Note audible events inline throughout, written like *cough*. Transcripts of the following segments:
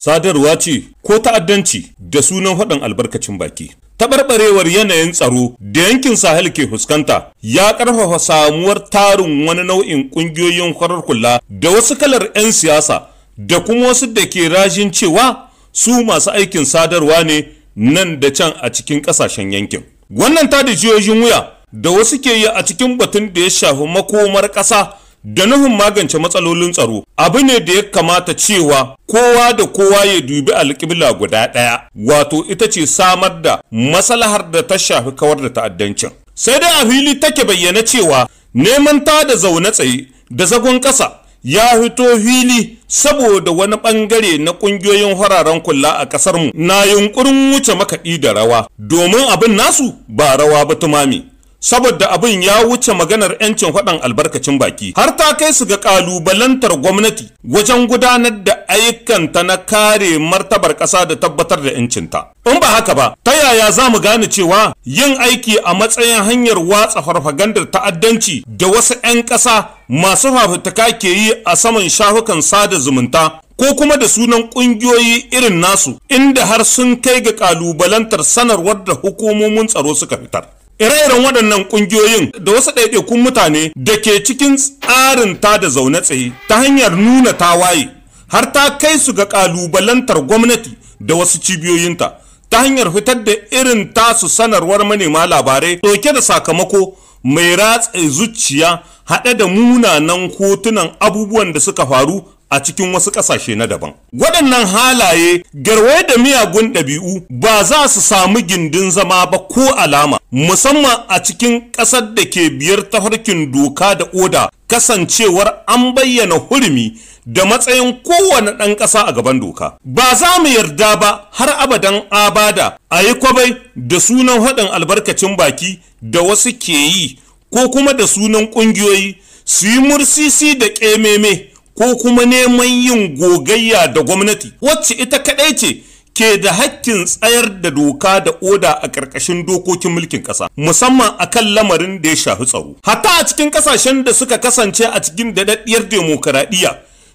sadarwa ce ko ta'addanci da sunan faɗin albarkacin baki taɓarɓarewar yanayin tsaro da yankin sahel ke fuskanta ya ƙarfafa samuwar tarin wani nau'in ƙungiyoyin farar kula da wasu kalar 'yan siyasa da kuma wasu da ke rajin cewa su masu aikin sadarwa ne nan da can a cikin ƙasashen yankin wannan ta da jiyoyin wuya da wasu ke yi a cikin batun da ya shafi makomar ƙasa da nufin magance matsalolin tsaro abu ne da ya kamata cewa kowa da kowa ya dubi alƙibla guda ɗaya wato ita ce samar da maslahar da ta shafi kawar da ta'addancin sai dai a fili take bayyana cewa neman ta da zaune tsaye da zagon ƙasa ya fito fili saboda wani bangare na kungiyoyin hararen kula a kasar mu na yunkurin wuce makaɗi da rawa domin abin nasu ba rawa ba tumami saboda abin ya wuce maganar 'yancin faɗan albarkacin baki har ta kai su ga ƙalubalantar gwamnati wajen gudanar da ayyukanta na kare martabar ƙasa da tabbatar da 'yancinta in ba haka ba ta yaya za mu gane cewa yin aiki a matsayin hanyar watsa farfagandar ta'addanci da wasu 'yan ƙasa masu fafutuka ke yi a saman shafukan sada zumunta ko kuma da sunan ƙungiyoyi irin nasu inda har sun kai ga ƙalubalantar sanarwar da hukumomin tsaro suka fitar ire-iren waɗannan ƙungiyoyin da wasu ɗaiɗaikun mutane da ke cikin tsarin ta da zaune tsaye ta hanyar nuna tawaye har ta kai su ga ƙalubalantar gwamnati da wasu cibiyoyinta ta hanyar fitar da irin tasu sanarwar manema labarai ɗauke da sakamako mai ratsa zuciya haɗe da munanan hotunan abubuwan da suka faru a cikin wasu ƙasashe na daban. Waɗannan halaye garwaye da miyagun ɗabi'u ba za su samu gindin zama ba ko alama musamman a cikin ƙasar da ke biyar tafarkin doka da oda kasancewar an bayyana hurumi da matsayin kowane ɗan ƙasa a gaban doka. Ba za mu yarda ba har abadan abada a yi kwabai da sunan haɗin albarkacin baki da wasu ke yi ko kuma da sunan ƙungiyoyi su yi mursisi da ƙememe ko kuma neman yin gogayya da gwamnati wacce ita kaɗai ce ke da hakkin tsayar da doka da oda a ƙarƙashin dokokin mulkin ƙasa musamman a kan lamarin da ya shafi tsaro hatta a cikin ƙasashen da suka kasance a cikin daɗaɗɗiyar demokaraɗiyya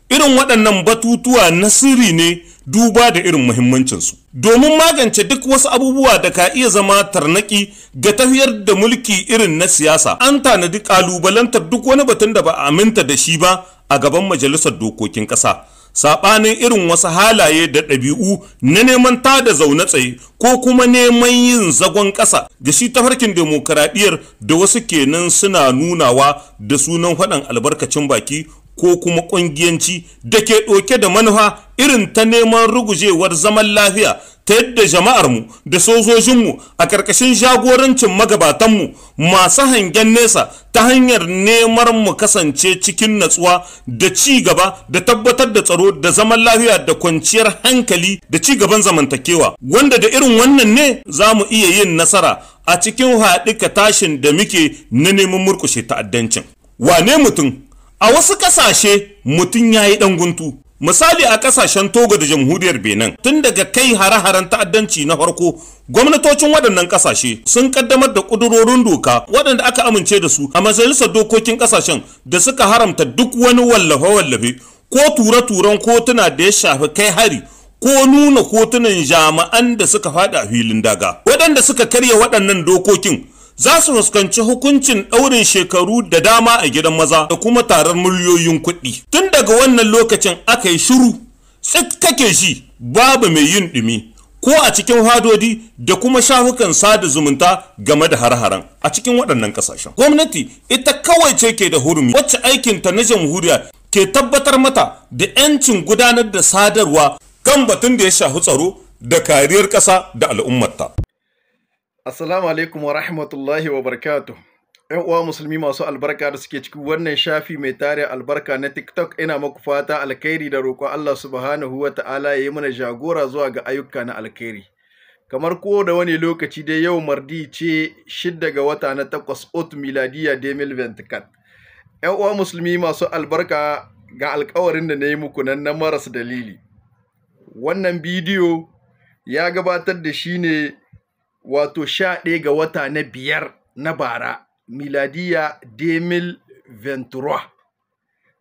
irin waɗannan batutuwa na sirri ne duba da irin muhimmancinsu domin magance duk wasu abubuwa da ka iya zama tarnaki ga tafiyar da mulki irin na siyasa an tanadi ƙalubalantar duk wani batun da ba a aminta da shi ba a gaban majalisar dokokin ƙasa saɓanin irin wasu halaye da ɗabi'u na neman ta da zaune tsaye ko kuma neman yin zagon ƙasa da shi farkin demokuraɗiyyar da wasu kenan suna nunawa da sunan faɗan albarkacin baki ko kuma ƙungiyanci da ke ɗauke da manufa irin ta neman rugujewar zaman lafiya ta yadda jama'armu da sojojinmu a ƙarƙashin jagorancin magabatanmu masu hangen nesa ta hanyar nemar mu kasance cikin natsuwa da ci gaba da tabbatar da tsaro da zaman lafiya da kwanciyar hankali da ci gaban zamantakewa wanda da irin wannan ne za mu iya yin nasara a cikin haɗika tashin da muke na neman murƙushe ta'addancin wane mutum a wasu ƙasashe mutum ya yi ɗan guntu misali a kasashen togo da jamhuriyar benin tun daga kai hare-haren ta'addanci na farko gwamnatocin waɗannan kasashe sun kaddamar da ƙudurorin doka waɗanda aka amince da su a majalisar dokokin kasashen da suka haramta duk wani wallafe-wallafe ko tura turan kotuna da ya shafi kai hari ko nuna kotunan jami'an da suka faɗi a filin daga waɗanda suka karya waɗannan dokokin za su fuskanci hukuncin ɗaurin shekaru da dama a gidan maza da kuma tarar miliyoyin kuɗi tun daga wannan lokacin aka yi shiru tsit kake shi babu mai yin ɗumi ko a cikin hadodi da kuma shafukan sada zumunta game da har-haren a cikin waɗannan ƙasashen gwamnati ita kawai ce ke da hurumi wacce aikin ta na jamhuriya ke tabbatar mata da 'yancin gudanar da sadarwa kan batun da ya shafi tsaro da kariyar ƙasa da al'ummarta Assalamu alaikum wa rahmatullahi wa barakatuh. ‘Yan uwa musulmi masu albarka da suke cikin wannan shafi mai tare albarka na TikTok ina muku fata alkhairi da roƙon Allah subhanahu wa ta'ala ya yi mana jagora zuwa ga ayyuka na alkhairi. Kamar ko da wani lokaci dai yau mardi ce shidda ga wata na takwas Otu miladiya Demil Ventikat. ‘Yan uwa musulmi masu albarka ga alkawarin da na yi muku nan na maras dalili. Wannan bidiyo ya gabatar da shi ne wato sha ɗaya ga wata na biyar na bara miladiya demil ventura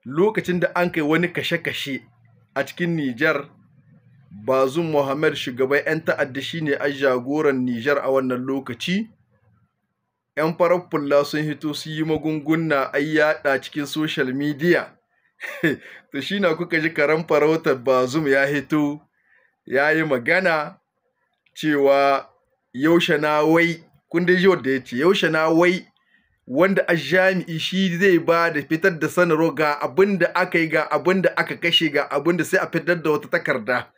lokacin da an kai wani kashe-kashe a cikin nijar bazum mohamed shugaban 'yan ta'adda shine a jagoran nijar a wannan lokaci 'yan farar fulla sun hito su yi magunguna a yaɗa cikin social media Da *laughs* shi na kuka ji karen farautar bazum ya hito ya yi magana cewa yaushe na wai kun dai ji wanda ya ce yaushe na wai wanda a jami'i shi zai ba da fitar da sanarwa ga abin da aka yi ga abin da aka kashe ga abin da sai a fitar da wata takarda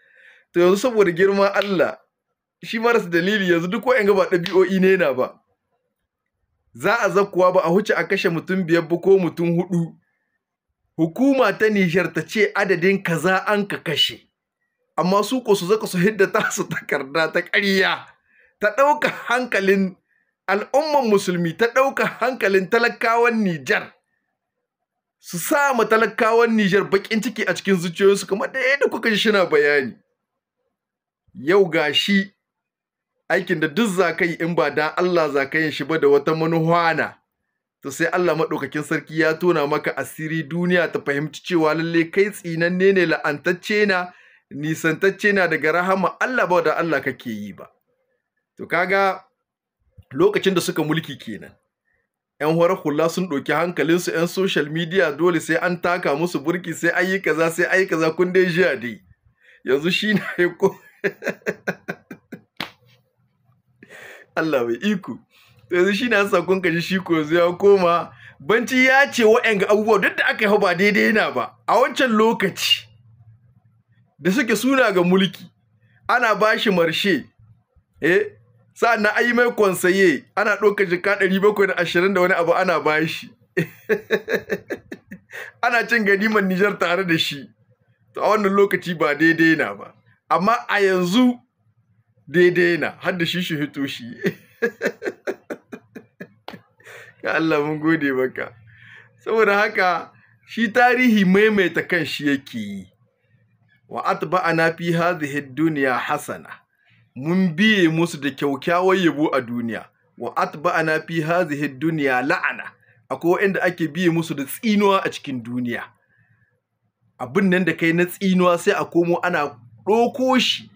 to yanzu saboda girma Allah shi marasa dalili yanzu duk ga gaba ɗabi'o'i ne na ba za a zakkuwa ba a huce a kashe mutum biyar ba ko mutum hudu hukuma ta Nijar ta ce adadin kaza an ka kashe amma su ko su zaka su hidda ta su takarda ta ƙarya ta ɗauka hankalin al'umman musulmi ta ɗauka hankalin talakawan Nijar su sa ma talakawan Nijar baƙin ciki a cikin zuciyoyinsu kamar da yadda kuka shi shina bayani yau ga shi aikin da duk za ka yi in ba dan Allah za ka yin shi ba da wata manuhana to sai Allah maɗaukakin sarki ya tona maka asiri duniya ta fahimci cewa lalle kai tsinanne ne la'antacce na nisantacce na daga rahama Allah ba da Allah kake yi ba to kaga lokacin da suka mulki kenan yan horar hula sun ɗauki hankalinsu yan social media dole sai an taka musu burki sai an yi kaza sai an yi kaza kun dai jiya dai yanzu shi na ko *laughs* Allah mai iko yanzu shi na sa kun kaji shi ko ya koma banci ya ce ga abubuwa duk da aka yi ba daidai na ba a wancan lokaci da suke suna ga mulki ana bashi marshe eh sa'an na ayi mai konsaye ana ɗauka jika ɗari bakwai da ashirin da wani abu ana bashi *laughs* ana cin ganiman Nijar tare da shi to a wannan lokaci ba daidai na ba amma a yanzu daidai na har da shi shi hito shi *laughs* ya Allah mun gode maka saboda haka shi tarihi maimaita kan shi yake yi wa atba'ana fi hadhihi dunya hasana mun biye musu da kyaukyawar yabo a duniya wa atba'ana fi hadhihi dunya la'ana akwai wanda ake biye musu da tsinuwa a cikin duniya abin nan da kai na tsinuwa sai a komo ana ɗoko shi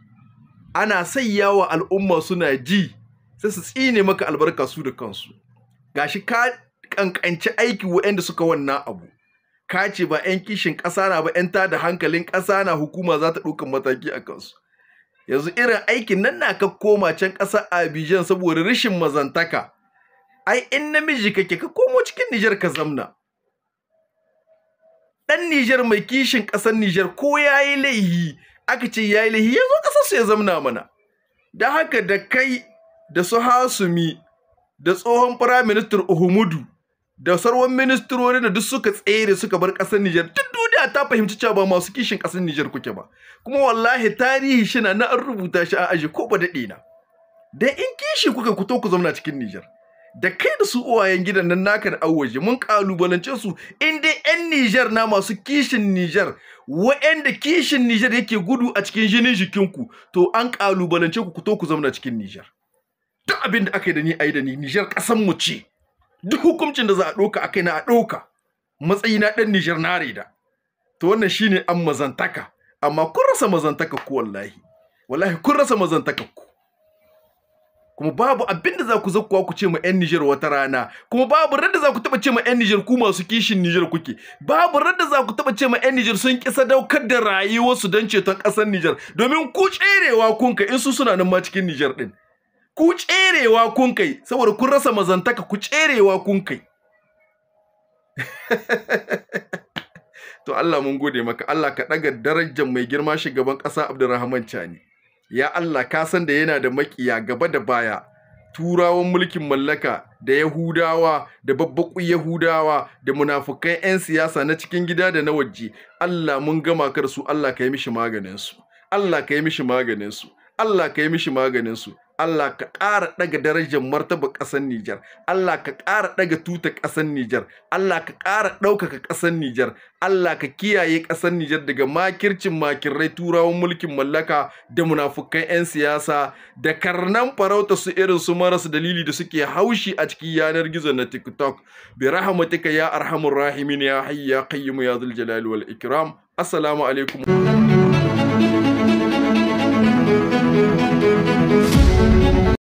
ana sayyawa al'umma suna ji sai su tsine maka albarka su da kansu gashi ka kankanci aiki waɗanda suka wannan abu ka ce ba 'yan kishin ƙasa na ba 'yan tada hankalin ƙasa na hukuma za ta ɗaukan mataki a kansu yanzu irin aikin nan na ka koma can ƙasar Abijan saboda rashin mazantaka ai in namiji kake ka komo cikin Nijar ka zamna Ɗan Nijar mai kishin ƙasar Nijar ko ya yi laihi aka ce yayi laihi yazo ƙasar su ya zamna mana da haka da kai da su Hasumi da tsohon firaministan Uhumudu da sarwan ministrori da duk suka tsere suka bar ƙasar Nijar duk da ta fahimci cewa ba masu kishin ƙasar Nijar kuke ba kuma wallahi tarihi shina na an rubuta shi a aji ko ba daɗe na Da in kishi kuka kuto ku zauna cikin Nijar da kai da su uwayen gidan nan naka da waje mun kalubalance su in dai yan Nijar na masu kishin Nijar wayanda kishin Nijar yake gudu a cikin jinin jikinku to an kalubalance ku kuto ku zauna cikin Nijar duk abin da aka yi da ni ayi da ni Nijar ƙasan mu ce duk hukuncin da za a ɗauka a kai na a ɗauka matsayi na ɗan Nijar na reda to wannan shine an mazantaka amma kun rasa mazantaka ku wallahi wallahi kun rasa mazantaka ku kuma babu abin da za ku zakuwa ku ce ma 'yan Nijar wata rana kuma babu radda za ku taɓa ce ma 'yan Nijar ku masu kishin Nijar kuke babu radda za ku taɓa ce ma 'yan Nijar sun kisa daukar da rayuwarsu don ceton ƙasar Nijar domin ku tserewa kun kai in su suna nan ma cikin Nijar ɗin ku tserewa kun kai saboda kun rasa mazantaka ku tserewa kun kai *laughs* to Allah mun gode maka Allah ka ɗaga darajar mai girma shugaban ƙasa Abdulrahman Chani ya Allah ka san da yana da makiya gaba da baya turawan mulkin mallaka da yahudawa da babbaƙun yahudawa da munafukan 'yan siyasa na cikin gida da na waje Allah mun gama kar su Allah ka yi mishi maganinsu Allah ka yi mishi maganinsu Allah ka yi mishi maganinsu Allah ka ƙara ɗaga darajar martaba ƙasar Nijar, Allah ka ƙara ɗaga tuta ƙasar Nijar, Allah ka ƙara ɗaukaka ƙasar Nijar, Allah ka kiyaye ƙasar Nijar daga makircin makirrai turawan mulkin mallaka da munafukan 'yan siyasa da karnan farauta su irin su marasa dalili da suke haushi a cikin yanar gizo na TikTok. Bi rahmatika ya arhamur rahimin ya hayya qayyim ya zul jalali wal ikram. Assalamu alaikum.